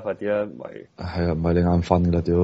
快啲啦，唔係係啊，唔係你眼瞓噶啦屌！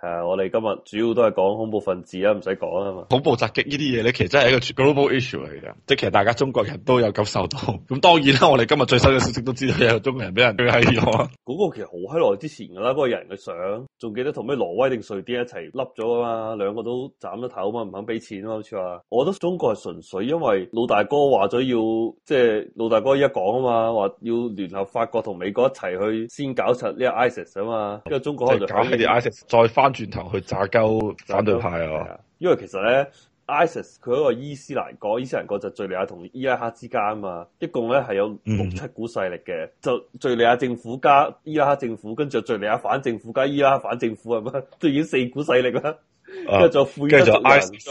係啊，我哋今日主要都係講恐怖分子啊，唔使講啊嘛。恐怖襲擊呢啲嘢咧，其實真係一個 global issue 嚟嘅，即係其實大家中國人都有感受到。咁當然啦，我哋今日最新嘅消息都知道有個中國人俾人狙喺咗。嗰 個其實好閪耐之前噶啦，嗰、那個人嘅相仲記得同咩挪威定瑞典一齊笠咗啊嘛，兩個都斬咗頭啊嘛，唔肯俾錢啊，好似話。我覺得中國係純粹因為老大哥話咗要，即、就、係、是、老大哥一講啊嘛，話要聯合法國同美國一齊去先搞實、這個 ISIS 啊嘛，中國就搞啲 ISIS，再翻轉頭去炸鳩反對派啊，因為其實咧，ISIS 佢嗰個伊斯蘭國，伊斯蘭國就敘利亞同伊拉克之間啊嘛，一共咧係有六七股勢力嘅，嗯、就敘利亞政府加伊拉克政府，跟住敘利亞反政府加伊拉克反政府，係嘛，都已經四股勢力啦？跟住就庫爾德，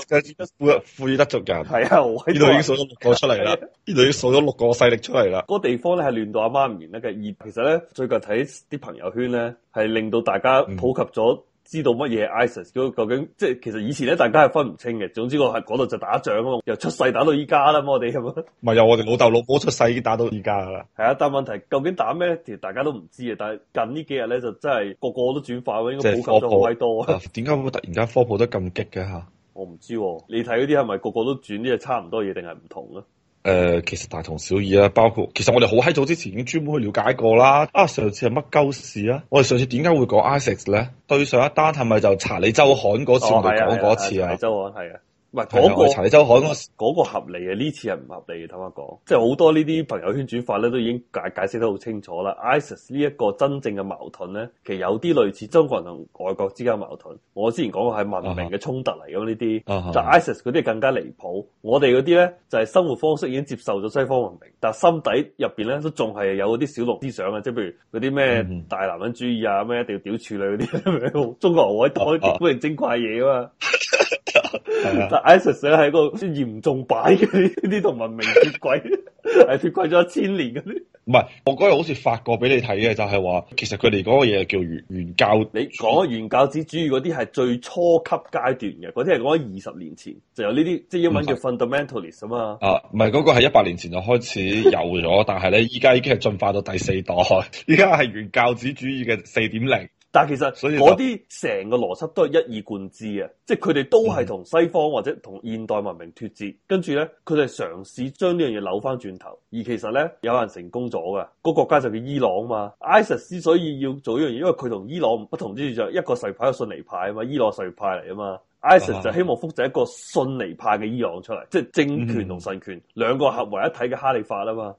跟住庫庫爾德族人，係啊，呢度已經數咗六個出嚟啦，呢度、 啊、已經數咗六個勢力出嚟啦。個地方咧係亂到阿媽唔認得嘅。而其實咧，最近睇啲朋友圈咧，係令到大家普及咗、嗯。知道乜嘢 ISIS？究竟即係其實以前咧，大家係分唔清嘅。總之我係嗰度就打仗啊嘛，由出世打到依家啦，我哋咁啊，唔係由我哋老豆老母出世已經打到依家噶啦。係啊，但問題究竟打咩？其實大家都唔知啊。但係近幾呢幾日咧就真係個個都轉化，應該普及都好閪多啊。點解會突然間科普得咁激嘅吓？我唔知，啊，你睇嗰啲係咪個個都轉啲，係差唔多嘢定係唔同咧？誒、呃，其實大同小異啊，包括其實我哋好閪早之前已經專門去了解過啦。啊，上次係乜鳩事啊？我哋上次點解會講 ISIS 咧？對上一單係咪就查理周刊嗰次嚟講嗰次啊？查理周刊係啊。唔係嗰個柴州海嗰個合理嘅，呢次係唔合理嘅。坦白講，即係好多呢啲朋友圈轉發咧，都已經解解釋得好清楚啦。ISIS 呢一個真正嘅矛盾咧，其實有啲類似中國人同外國之間嘅矛盾。我之前講過係文明嘅衝突嚟㗎，呢啲但 ISIS 嗰啲更加離譜。我哋嗰啲咧就係、是、生活方式已經接受咗西方文明，但係心底入邊咧都仲係有嗰啲小農思想啊，即係譬如嗰啲咩大男人主義啊，咩一定要屌處女嗰啲，中國人愛愛講古人精怪嘢啊嘛～ 係啦， 但係 ISIS 係一個嚴重擺嘅呢啲同文明脫軌，係脫軌咗一千年嗰啲。唔係，我嗰日好似發過俾你睇嘅，就係、是、話其實佢哋講嘅嘢，叫原原教。你講原教旨主義嗰啲係最初級階段嘅，嗰啲係講喺二十年前就有呢啲，即係英文叫 fundamentalist 啊嘛。啊，唔係嗰個係一百年前就開始有咗， 但係咧依家已經係進化到第四代，依家係原教旨主義嘅四點零。但其實嗰啲成個邏輯都係一以貫之嘅，即係佢哋都係同西方或者同現代文明脫節，跟住咧佢哋嘗試將呢樣嘢扭翻轉頭。而其實咧有人成功咗嘅個國家就叫伊朗嘛。ISIS 之所以要做呢樣嘢，因為佢同伊朗不同之處就一個什葉派一個遜尼派啊嘛，伊朗什葉派嚟啊嘛。ISIS 就希望複製一個遜尼派嘅伊朗出嚟，啊、即係政權同神權兩、嗯、個合為一體嘅哈里發啊嘛。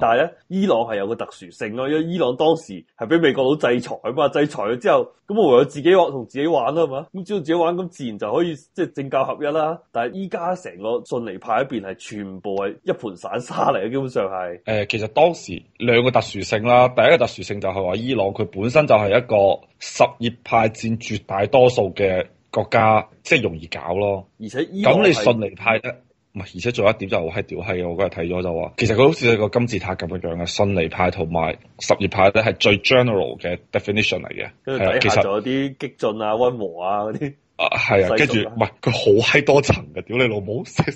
但係咧，伊朗係有個特殊性咯，因為伊朗當時係俾美國佬制裁嘛，制裁咗之後，咁我唯有自己玩同自己玩啦嘛。咁只要自己玩，咁自，自然就可以即係、就是、政教合一啦。但係依家成個遜尼派一邊係全部係一盤散沙嚟，嘅，基本上係誒、呃，其實當時兩個特殊性啦，第一個特殊性就係話伊朗佢本身就係一個什葉派佔絕大多數嘅。國家即係容易搞咯，咁你遜尼派咧，唔係，而且仲有一點就好閪屌閪嘅，我嗰日睇咗就話，其實佢好似個金字塔咁嘅樣嘅，遜尼派同埋什葉派咧係最 general 嘅 definition 嚟嘅，跟住底下仲有啲激進啊、溫和啊嗰啲。啊，係啊，跟住唔係佢好閪多層嘅，屌你老母四五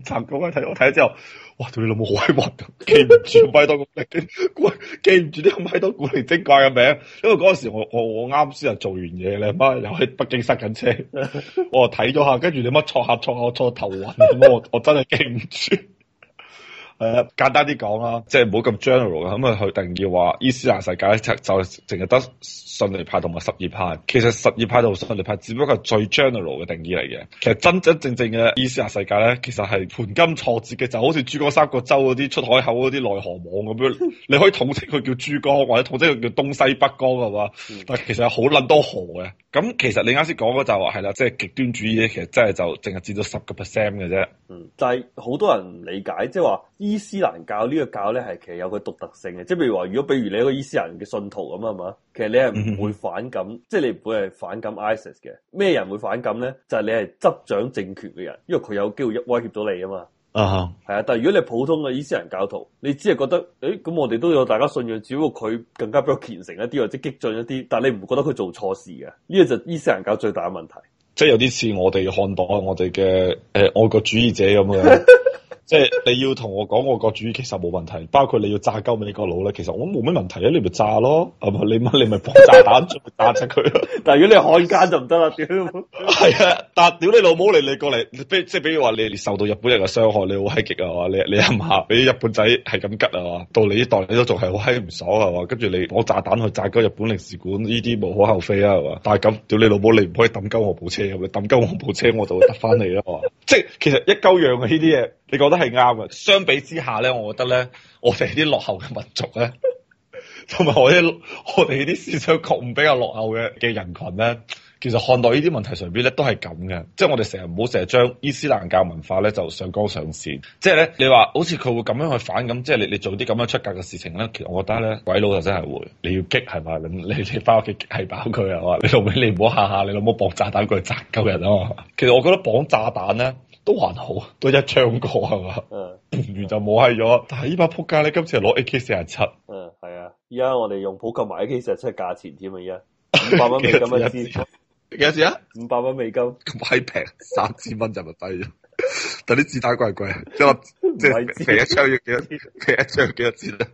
層咁樣睇，我睇咗之後，哇，屌你老母好閪核突，記唔住咁閪多古，記唔住啲咁閪多古靈精怪嘅名，因為嗰陣時我我我啱先又做完嘢，你媽又喺北京塞緊車，我睇咗下，跟住你媽坐下坐下，我坐到頭暈，咁我我真係記唔住。 誒簡單啲講啦，即係唔好咁 general 咁啊，佢定義話伊斯蘭世界就就淨係得遜尼派同埋什葉派。其實什葉派同埋遜尼派只不過係最 general 嘅定義嚟嘅。其實真真正正嘅伊斯蘭世界咧，其實係盤根錯節嘅，就好似珠江三角洲嗰啲出海口嗰啲內河網咁樣。 你可以統稱佢叫珠江，或者統稱佢叫東西北江係嘛？嗯、但其實好撚多河嘅。咁其實你啱先講嗰就係話係啦，即係極端主義咧，其實真係就淨係佔咗十個 percent 嘅啫。就係、是、好多人理解即係話。就是伊斯蘭教,教呢個教咧係其實有佢獨特性嘅，即係譬如話，如果比如你一個伊斯蘭人嘅信徒咁啊嘛，其實你係唔會反感，嗯、哼即係你唔會係反感 ISIS 嘅 IS。咩人會反感咧？就係、是、你係執掌政權嘅人，因為佢有機會威脅到你啊嘛。啊哈，係啊。但係如果你普通嘅伊斯蘭教徒，你只係覺得，誒、欸、咁我哋都有大家信仰，只不過佢更加比較虔誠一啲或者激進一啲，但係你唔覺得佢做錯事嘅。呢、這個就係伊斯蘭教最大嘅問題。即係有啲似我哋看待我哋嘅誒愛國主義者咁樣。 即係你要同我講我個主意，其實冇問題。包括你要炸鳩你個腦咧，其實我冇咩問題啊。你咪炸咯，唔係你乜你咪放炸彈炸出佢。 但係如果你漢奸就唔得啦，屌！係啊，但屌你老母嚟，你過嚟，即係比如話你，你受到日本人嘅傷害，你好危急啊你你阿媽俾日本仔係咁吉啊嘛，到你依代你都仲係好閪唔爽啊嘛。跟住你放炸彈去炸鳩日本領事館，呢啲無可厚非啊嘛。但係咁屌你老母，你唔可以抌鳩我部車，如果抌鳩我部車，我就會得翻你啦 即係其實一鳩樣嘅呢啲嘢，你覺得？係啱嘅。相比之下咧，我覺得咧，我哋啲落後嘅民族咧，同 埋我啲我哋啲思想覺悟比較落後嘅嘅人群咧，其實看待呢啲問題上邊咧，都係咁嘅。即係我哋成日唔好成日將伊斯蘭教文化咧就上綱上線。即係咧，你話好似佢會咁樣去反感，即係你你做啲咁樣出格嘅事情咧。其實我覺得咧，鬼佬就真係會。你要激係咪？你你翻屋企激係爆佢啊！你老尾你唔好下下，你老母綁炸彈過去砸夠人咯、啊。其實我覺得綁炸彈咧。都還好，都一槍過係嘛？ 嗯，完就冇係咗。但係呢把仆街咧，今次係攞 AK 四七。嗯，係啊。而家我哋用普及埋 AK 四七價錢添啊，而家，五百蚊美金一支。幾 多錢啊？五百蚊美金咁閪平，三千蚊 就咪低咗。但啲子彈貴唔貴啊？即係即係射一槍要幾多？平一槍幾多錢啊？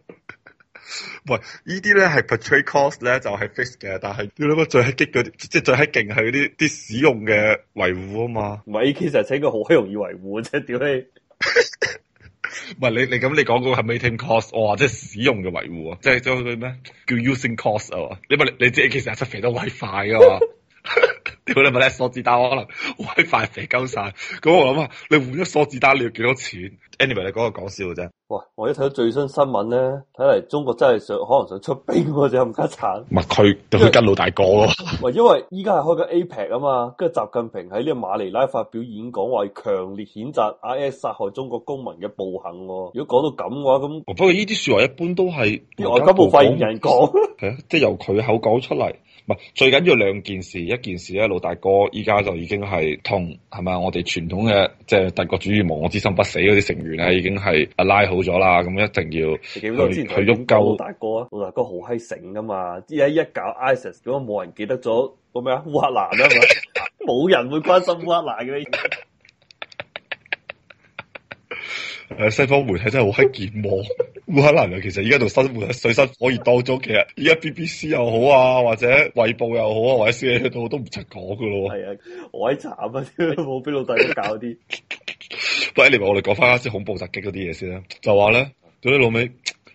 喂，呢啲咧係 petrol cost 咧就係 fixed 嘅，但係你諗最 hit 激嗰啲，即係最 hit 勁係啲啲使用嘅維護啊嘛。唔係，其實請佢好容易維護啫，屌你。唔係你你咁你講嗰個係 maintaining cost，哇！即係使用嘅維護啊，即係將佢咩叫 using cost 啊？你唔係你自己其實係食肥到快快噶嘛？屌 你咪攞數字打我可能 WiFi 肥鳩晒，咁 我諗啊，你換咗數字打你要幾多錢？Anyway 你講我講笑嘅啫。哇，我一睇到最新新聞咧，睇嚟中國真係想可能想出兵，就咁鬼慘。咪佢，就去跟老大哥咯。唔 因為依家係開緊 APEC 啊嘛，跟住習近平喺呢個馬尼拉發表演講，話強烈譴責 IS 殺害中國公民嘅暴行。如果講到咁嘅話，咁不過呢啲說話一般都係外交部發言人講，係啊， 即係由佢口講出嚟。唔，係最緊要兩件事，一件事咧，老大哥依家就已經係痛，係咪？我哋傳統嘅即係帝國主義亡我之心不死嗰啲成員咧，已經係啊拉好咗啦，咁一定要去去鬱鳩老大哥啊！老大哥好閪醒噶嘛，依家一搞 ISIS，如果冇人記得咗個咩啊烏克蘭咧，係咪？冇人會關心烏克蘭嘅。誒， 西方媒體真係好閪健忘。冇可能啊！其實而家度生活喺水深火熱當中，其實而家 BBC 又好啊，或者衛報又好啊，或者 CCTV 都唔出講噶咯喎。係啊，好慘啊！冇俾老細搞啲。不 喂，你話我哋講翻啱先恐怖襲擊嗰啲嘢先啦。就話咧，嗰啲老尾，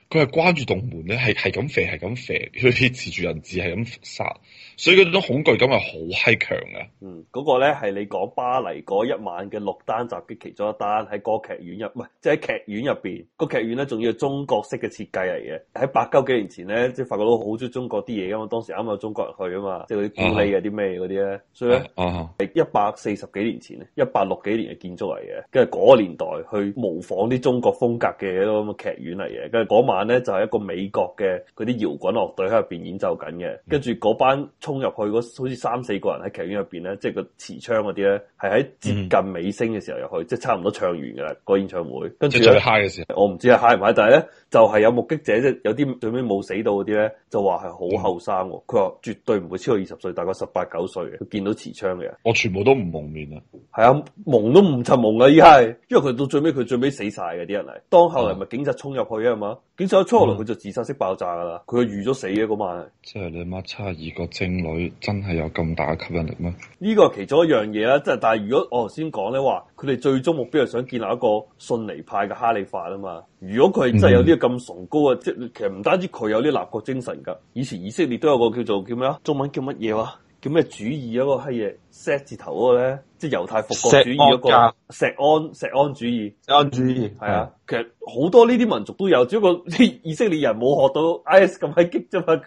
佢係關住棟門咧，係係咁肥，係咁肥，佢持住人質，係咁殺。所以嗰種恐懼感係好閪強噶。嗯，嗰、那個咧係你講巴黎嗰一晚嘅六單襲擊其中一單，喺歌劇院入，唔係即係喺劇院入邊、那個劇院咧，仲要中國式嘅設計嚟嘅。喺八九幾年前咧，即係發覺到好鍾意中國啲嘢㗎嘛。當時啱啱中國人去啊嘛，即係嗰啲柱氣啊啲咩嗰啲咧，所以咧，係一百四十幾年前啊，一百六幾年嘅建築嚟嘅，跟住嗰個年代去模仿啲中國風格嘅咁嘅劇院嚟嘅，跟住嗰晚咧就係、是、一個美國嘅嗰啲搖滾樂隊喺入邊演奏緊嘅，跟住嗰班衝入去嗰好似三四個人喺劇院入邊咧，即係個持槍嗰啲咧，係喺接近尾聲嘅時候入去，嗯、即係差唔多唱完噶啦、那個演唱會。跟住最 h 嘅時候，我唔知係嗨唔嗨，但係咧就係、是、有目擊者，即係有啲最尾冇死到嗰啲咧，就話係好後生。佢話哇絕對唔會超過二十歲，大概十八九歲。佢見到持槍嘅，人，我全部都唔蒙面啊。係啊，蒙都唔尋蒙啊，而係因為佢到最尾，佢最尾死晒嘅啲人嚟。當後來咪警察衝入去啊嘛，嗯、警察一衝落去就自殺式爆炸噶啦，佢預咗死嘅嗰晚。即係你媽差二個精。女真係有咁大嘅吸引力咩？呢個係其中一樣嘢啦，即係但係如果我頭先講咧，話佢哋最終目標係想建立一個遜尼派嘅哈里發啊嘛。如果佢係真係有啲咁崇高啊，即係其實唔單止佢有啲立國精神噶，以前以色列都有個叫做叫咩啊，中文叫乜嘢話？叫咩主義嗰個閪嘢？石字頭嗰個咧，即係猶太復國主義嗰個，石安石安主義。石安主義係啊，其實好多呢啲民族都有，只不過啲以色列人冇學到 IS 咁係激啫嘛。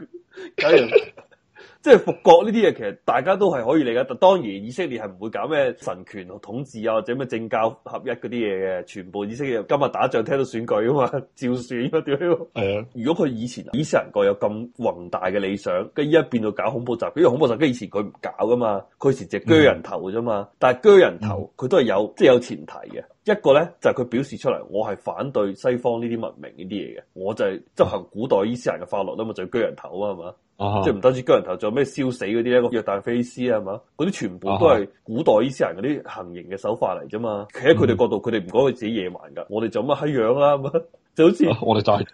即係復國呢啲嘢，其實大家都係可以理解。但當然，以色列係唔會搞咩神權統治啊，或者咩政教合一嗰啲嘢嘅。全部以色列今日打仗聽到選舉啊嘛，照選啊屌！係啊， 如果佢以前以色列人個有咁宏大嘅理想，跟依家變到搞恐怖襲擊，因為恐怖襲擊以前佢唔搞㗎嘛，佢以前只鋸人頭嘅啫嘛。嗯、但係鋸人頭佢都係有，即係有前提嘅。一個咧就係、是、佢表示出嚟，我係反對西方呢啲文明呢啲嘢嘅。我就係執行古代伊斯蘭嘅法律啦嘛，就鋸人頭啊嘛，uh huh. 即係唔單止鋸人頭，仲有咩燒死嗰啲咧，約旦飛屍啊嘛，嗰啲全部都係古代伊斯蘭嗰啲行刑嘅手法嚟啫嘛。企喺佢哋角度，佢哋唔講佢自己野蠻噶，我哋做乜閪樣啊？就好似、uh, 我哋就係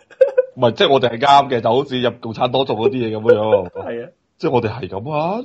唔係，即係、 就是、我哋係啱嘅，就好似入共產黨做嗰啲嘢咁樣樣。係 啊。即係我哋係咁啊！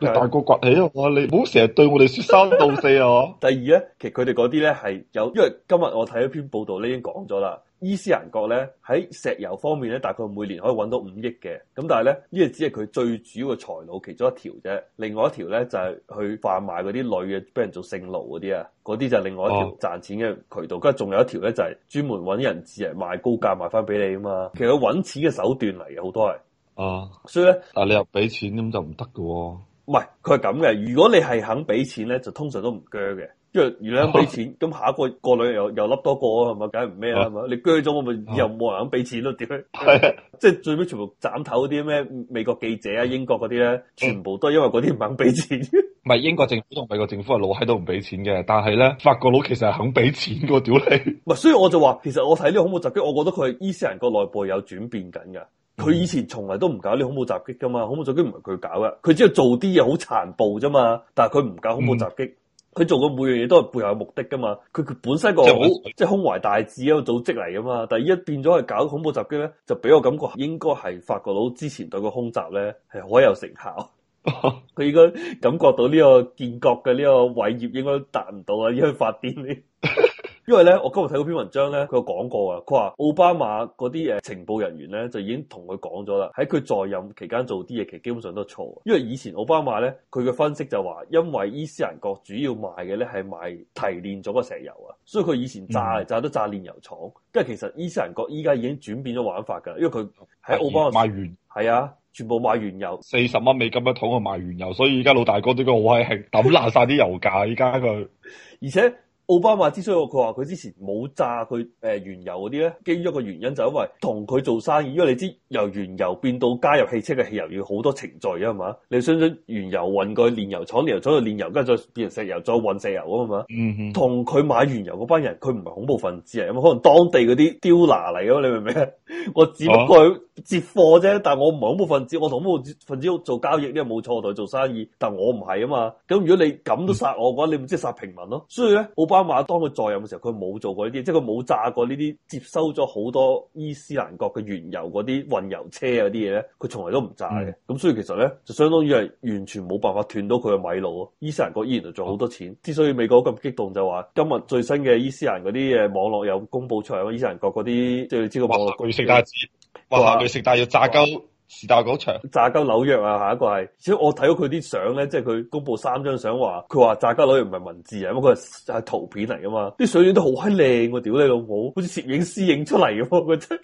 你大個崛起啊！你唔好成日對我哋說三道四啊！ 第二咧，其實佢哋嗰啲咧係有，因為今日我睇一篇報道咧已經講咗啦。伊斯蘭國咧喺石油方面咧，大概每年可以揾到五億嘅。咁但係咧，呢、這個只係佢最主要嘅財路其中一條啫。另外一條咧就係、是、去販賣嗰啲女嘅俾人做性奴嗰啲啊，嗰啲就另外一條賺錢嘅渠道。跟住仲有一條咧就係、是、專門揾人質嚟賣高價賣翻俾你啊嘛。其實佢揾錢嘅手段嚟嘅好多係。啊，uh, 所以咧，但你又俾錢咁就唔得嘅喎。唔係，佢係咁嘅。如果你係肯俾錢咧，就通常都唔鋸嘅。因為如果你肯俾錢，咁、啊、下一個一個女又又笠多個係咪？梗係唔咩啦嘛。啊、係嘛你鋸咗我咪又冇人肯俾錢咯，屌！係，即係最尾全部斬頭啲咩美國記者啊、英國嗰啲咧，全部都係因為嗰啲唔肯俾錢。唔係、嗯、 英國政府同美國政府係老閪都唔俾錢嘅，但係咧法國佬其實係肯俾錢嘅，屌你！唔係，所以我就話，其實我睇呢個恐怖襲擊，我覺得佢係伊斯蘭個內部有轉變緊嘅。佢以前從來都唔搞呢恐怖襲擊噶嘛，恐怖襲擊唔係佢搞嘅，佢只係做啲嘢好殘暴啫嘛。但係佢唔搞恐怖襲擊，佢、嗯、做嘅每樣嘢都係背後有目的噶嘛。佢佢本身、個好即係胸懷大志一個組織嚟噶嘛。但係依家變咗係搞恐怖襲擊咧，就俾我感覺應該係發覺到之前對個空襲咧係好有成效。佢 應該感覺到呢個建國嘅呢個偉業應該達唔到啊，因為發癲啲。 因為咧，我今日睇嗰篇文章咧，佢有講過啊。佢話奧巴馬嗰啲、誒情報人員咧，就已經同佢講咗啦。喺佢在任期間做啲嘢，其實基本上都錯。因為以前奧巴馬咧，佢嘅分析就話，因為伊斯蘭國主要賣嘅咧係賣提煉咗個石油啊，所以佢以前炸、嗯、炸都炸煉油廠。跟住其實伊斯蘭國依家已經轉變咗玩法噶，因為佢喺奧巴馬賣完係啊，全部賣原油，四十蚊美金一桶嘅賣原油。所以而家老大哥都好開心，抌爛晒啲油價依家佢，而且。奧巴馬之所以佢話佢之前冇炸佢誒原油嗰啲咧，基於一個原因就係因為同佢做生意。因為你知由原油變到加入汽車嘅汽油要好多程序啊嘛。你想想原油運過去煉油廠，煉油廠去煉油，跟住再變成石油，再運石油啊嘛。同佢、嗯、哼買原油嗰班人佢唔係恐怖分子啊，咁可能當地嗰啲刁拿嚟噶嘛，你明唔明？我只不過接貨啫，但係我唔係恐怖分子，我同恐怖分子做交易呢，冇錯我同佢做生意，但係我唔係啊嘛。咁如果你咁都殺我嘅話，你唔即係殺平民咯。所以咧，巴馬當佢在任嘅時候，佢冇做過呢啲，即係佢冇炸過呢啲接收咗好多伊斯蘭國嘅原油嗰啲運油車嗰啲嘢咧，佢從來都唔炸嘅。咁、嗯、所以其實咧，就相當於係完全冇辦法斷到佢嘅米路。伊斯蘭國依然仲做好多錢。嗯、之所以美國咁激動就，就話今日最新嘅伊斯蘭嗰啲嘢網絡有公布出嚟，伊斯蘭國嗰啲即係你知道話要食大字，話佢食大要炸鳩。呃呃呃呃呃時代廣場、炸鳩紐約啊，下一個係，所以我睇到佢啲相咧，即係佢公布三張相，話佢話炸鳩紐約唔係文字因為，啊，咁佢係圖片嚟噶嘛，啲相影都好閪靚，我屌你老母，好似攝影師影出嚟噉、啊，我覺得，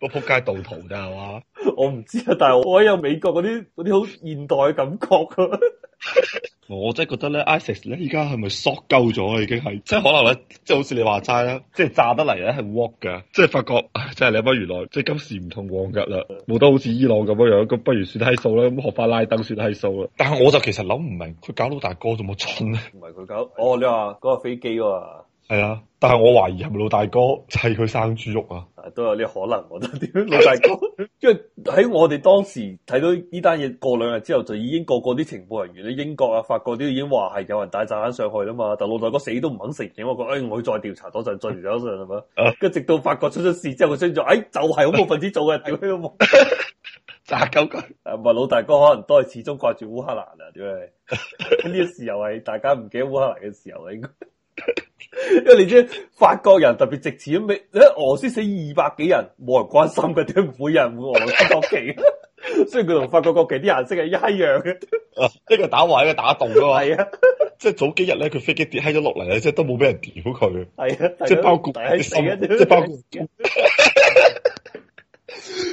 個仆街道圖啫係嘛， 我唔知啊，但係我有美國嗰啲啲好現代嘅感覺、啊。 我真係覺得咧，ISIS 咧，依家係咪索鳩咗？已經係，即係可能咧，即係好似你話齋啦，即係炸得嚟咧係 work 嘅，即係發覺，即係你不如原來即係今時唔同往日啦，冇得好似伊朗咁樣樣，咁不如算低數啦，咁學翻拉登算低數啦。但係我就其實諗唔明，佢搞到大哥做乜蠢咧？唔係佢搞，哦，你話嗰個飛機啊？係啊，但係我懷疑係咪老大哥砌佢生豬肉啊？都有呢可能，我覺得點老大哥，因為喺我哋當時睇到呢單嘢，過兩日之後就已經個個啲情報人員咧，英國啊、法國都已經話係有人帶炸彈上去啦嘛。但老大哥死都唔肯承認，我講誒，我、哎、再調查多陣再咗上係嘛。跟住直到法國出咗事之後，佢先做，誒就係、是、恐怖分子做嘅，屌你老母炸鳩唔係老大哥可能都係始終掛住烏克蘭啊，因為呢個時候係大家唔記得烏克蘭嘅時候應該。因為你知法國人特別值錢，你喺俄羅斯死二百幾人冇人關心佢哋，唔會有人換俄羅斯國旗，雖然佢同法國國旗啲顏色係一樣嘅，啊。一個打壞一個打洞噶嘛，係啊，即係早幾日咧，佢飛機跌喺咗落嚟啊，即係都冇俾人屌佢。係啊，即係包括，即係包括。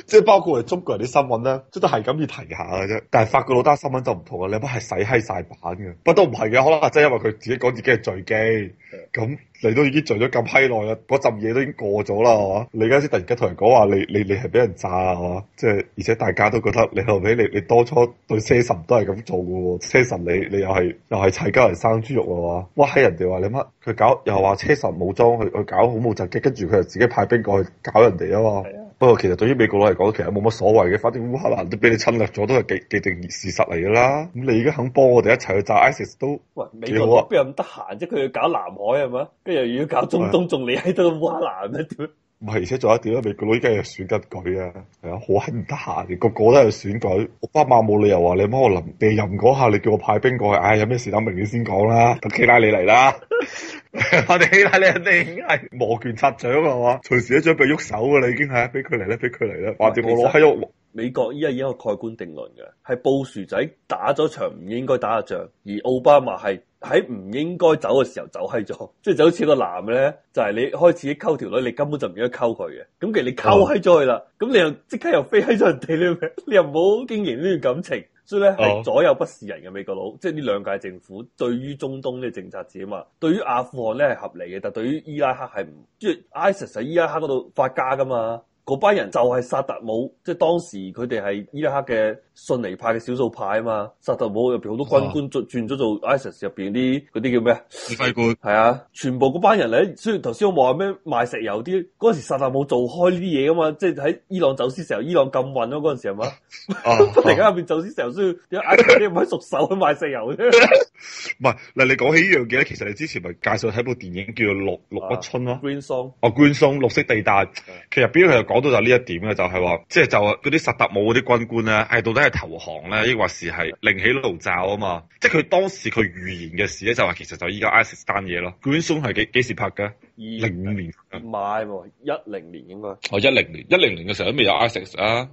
即係包括我哋中國人啲新聞咧，即都都係咁要提下嘅啫。但係法國嗰單新聞就唔同啦，你媽係洗閪晒版嘅，都不都唔係嘅。可能真係因為佢自己講自己係墜機，咁的你都已經墜咗咁閪耐啦，嗰陣嘢都已經過咗啦，係嘛？你而家先突然間同人講話，你你你係俾人炸係嘛？即係而且大家都覺得你後尾你你當初對車臣都係咁做嘅喎，車臣你你又係又係砌鳩人生豬肉係嘛？哇閪人哋話你乜？佢搞又話車臣武裝去去搞恐怖襲擊，跟住佢又自己派兵過去搞人哋啊嘛。不過其實對於美國佬嚟講，其實冇乜所謂嘅，反正烏克蘭都俾你侵略咗，都係既定事實嚟噶啦。咁你而家肯幫我哋一齊去炸 ISIS 都好，喂美國佬啊？邊有咁得閒啫？佢要搞南海係嘛？跟住又要搞中東，仲你喺度烏克蘭咩？唔係，而且仲有一點，美國佬而家又選舉啊，係啊，好唔得閒，個個都係選舉。奧巴馬冇理由話你唔可能地任嗰下，你叫我派兵過去。唉、哎，有咩事等明年先講啦，等希拉里嚟啦。 我哋睇嚟，人哋係摩拳擦掌啊嘛，隨時都準備喐手噶啦，你已經係啊，俾佢嚟啦，俾佢嚟啦，或者我攞閪喐。美國依家已經個蓋棺定論嘅，係布殊仔打咗場唔應該打嘅仗，而奧巴馬係喺唔應該走嘅時候走喺咗，即 係就，就好似個男嘅咧，就係、是、你開始溝條女，你根本就唔應該溝佢嘅，咁其實你溝喺咗佢啦，咁、哦、你又即刻又飛喺咗人哋咧，你又唔好經營呢段感情。所以咧係、oh. 左右不是人嘅美國佬，即係呢兩屆政府對於中東嘅政策字啊嘛，對於阿富汗咧係合理嘅，但對於伊拉克係唔，即係 ISIS 喺伊拉克嗰度發家㗎嘛，嗰班人就係薩達姆，即係當時佢哋係伊拉克嘅。遜尼派嘅少數派啊嘛，薩達姆入邊好多軍官轉轉咗做 ISIS 入邊啲啲叫咩啊？指揮官？係啊！全部嗰班人咧，雖然頭先我冇話咩賣石油啲，嗰時薩達姆做開呢啲嘢噶嘛，即係喺伊朗走私石油，伊朗禁運咯嗰陣時係嘛？突然間入邊走私石油，所以啲唔可以熟手去、啊、賣石油嘅。唔係嗱，你講起呢樣嘢咧，其實你之前咪介紹睇部電影叫做《綠綠鬱春》咯，Green Zone？Green Zone？綠色地帶，其實入邊佢又講到就呢一點嘅，就係話即係就嗰啲薩達姆嗰啲軍官啊。係到底投降咧，抑或是係另起爐灶啊嘛！即係佢當時佢預言嘅事咧，就話、是、其實就依家 ISIS 單嘢咯。Green Zone 係幾幾時拍噶？二零五年。唔係喎，一零年應該。哦，一零年，一零年嘅時候都未有 ISIS 啊。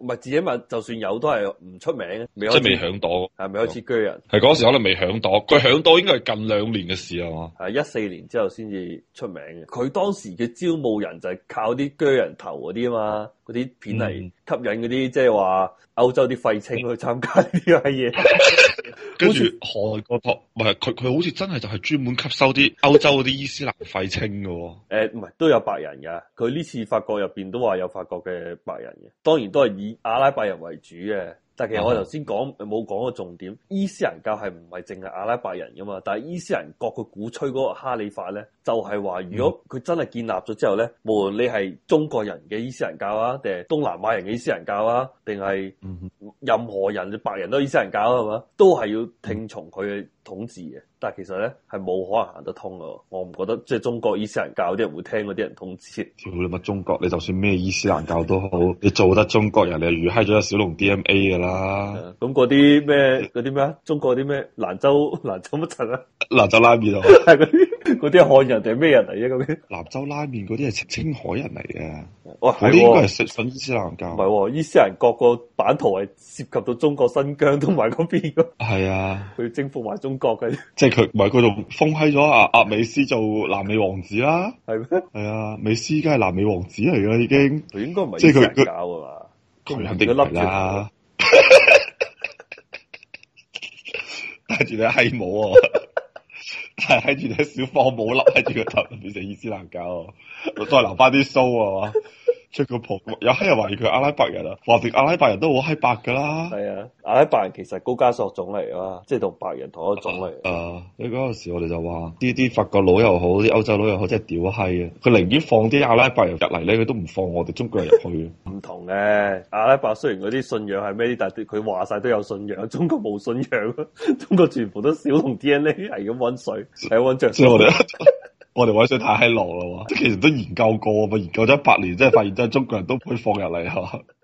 唔係自己問，就算有都係唔出名，即係未響到，係未開始鋸、啊、人。係嗰時可能未響到，佢響、嗯、到應該係近兩年嘅事係嘛？係一四年之後先至出名嘅。佢當時嘅招募人就係靠啲鋸人頭嗰啲啊嘛，嗰啲片嚟吸引嗰啲即係話歐洲啲廢青去參加呢樣嘢。 跟住，外國托唔係佢，佢好似真係就係專門吸收啲歐洲嗰啲伊斯蘭廢青噶喎、哦。誒、欸，唔係都有白人嘅，佢呢次法國入邊都話有法國嘅白人嘅，當然都係以阿拉伯人為主嘅。但其實我頭先講冇講個重點，伊斯蘭教係唔係淨係阿拉伯人噶嘛？但係伊斯蘭國佢鼓吹嗰個哈里法咧，就係、係、話如果佢真係建立咗之後咧，嗯、無論你係中國人嘅伊斯蘭教啊，定係東南亞人嘅伊斯蘭教啊，定係任何人白人都伊斯蘭教啊，係嘛，都係要聽從佢嘅。統治嘅，但係其實咧係冇可能行得通咯。我唔覺得，即係中國伊斯蘭教啲人會聽嗰啲人統治。條你咪中國，你就算咩伊斯蘭教都好，的你做得中國人，你係魚嗨咗小龍 D M A 噶啦。咁嗰啲咩嗰啲咩啊？中國啲咩蘭州蘭州乜陳啊？蘭州拉麵啊？係嗰啲嗰啲漢人定係咩人嚟啊？嗰啲蘭州拉麵嗰啲係青海人嚟啊？哇！呢個係食粉，伊斯蘭教，唔係、嗯啊、伊斯蘭各個版圖係涉及到中國新疆同埋嗰邊噶。係啊，佢征服埋中國嘅。即係佢，唔係佢仲封批咗阿阿美斯做南美王子啦，係咩嗎？係啊，美斯梗係南美王子嚟㗎，已經佢應該唔係即係佢搞啊嘛，佢肯定唔係啦，戴住對戲帽。係喺住啲小方帽笠喺住個頭，變成伊斯蘭教，再留翻啲鬚啊！出個破，有閪人懷疑佢係阿拉伯人啊。話啲阿拉伯人都好閪白噶啦。係 啊，阿拉伯人其實高加索種嚟噶，即係同白人同一種嚟啊。所以陣時我哋就話，呢啲法國佬又好，啲歐洲佬又好，真係屌閪啊！佢寧願放啲阿拉伯人入嚟咧，佢都唔放我哋中國人入去。唔 同嘅，阿拉伯雖然嗰啲信仰係咩，但係佢話晒都有信仰。中國冇信仰，中國全部都少同 DNA 係咁搵水，係搵著。 我哋委想太嗨浪啦喎，其實都研究過，研究咗一百年，即係發現真係中國人都唔可以放入嚟